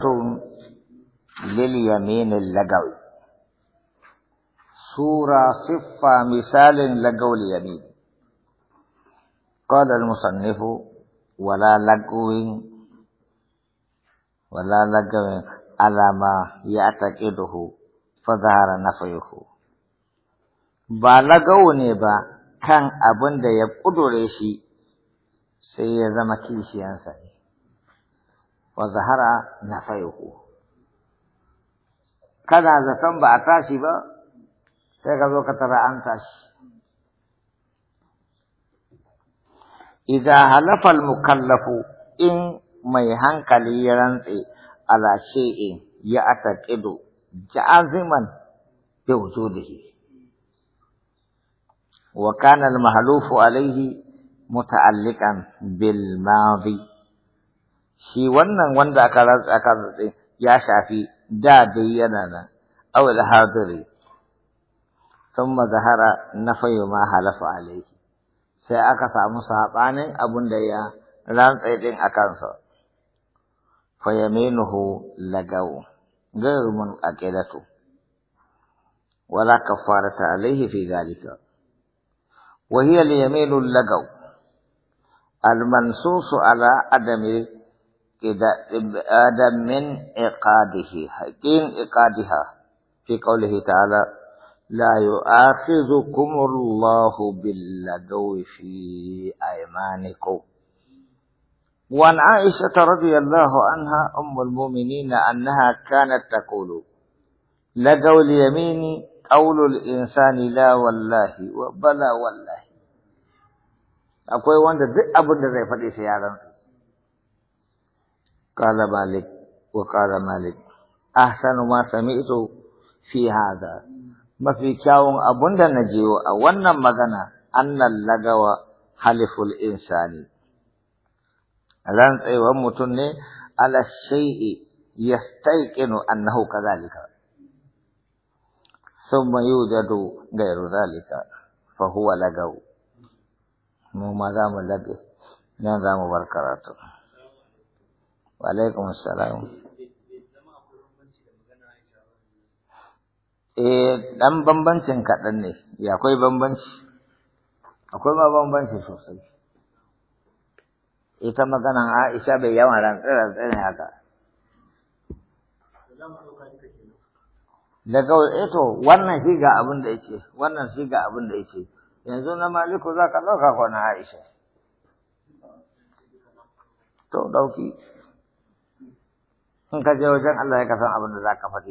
tun liliyaminin lagawi sura siffa misalin lagawul yamin qala al-musannif wala lagwin wala lagwin alama ya'taqiduhu fa zahara nafyuhu ba lagawo ne ba kan abin da ya kudure shi sai ya zama kishiyansa ne وظهر نفيه كذا زتم بأتاشي با تيغا بو كترى أنتاش إذا هلف المكلف إن ميهان كليران على شيء يعتقد جازما بوجوده وكان المحلوف عليه متعلقا بالماضي shi wannan wanda aka rantsa aka rantsa ya shafi da dai yana nan awal hadiri thumma zahara nafayu ma halafa alayhi sai aka samu sabanin abun da ya rantsa din akan sa fa yaminuhu lagaw غير منعقدة ولا كفارة عليه Al ذلك وهي lagaw al المنصوص ala adami آدم من إقاده حكيم إقادها في قوله تعالى لا يؤاخذكم الله باللدو في أيمانكم وعن عائشة رضي الله عنها أم المؤمنين أنها كانت تقول لدو اليمين قول الإنسان لا والله وبلا والله أقول وانت دي أبو دي فدي سيارة قال مالك وقال مالك أحسن ما سمعت في هذا ما في كاون أبونا نجيو أولنا مغنى أن اللغو حلف الإنسان رنطي أيوة ومتني على الشيء يستيقن أنه كذلك ثم يوجد غير ذلك فهو لغو مو ما دام لغي نظام برقرار wa salam. eh dan bambancin kaɗan ne ya akwai bambanci akwai ma bambanci sosai ita maganan Aisha bai yawan rantsar ne haka daga eto eh wannan shi ga abin da yake wannan shi ga abin da yake yanzu na maliku za ka ɗauka ko na Aisha to ɗauki in ka je wajen Allah ya san abin da za ka faɗi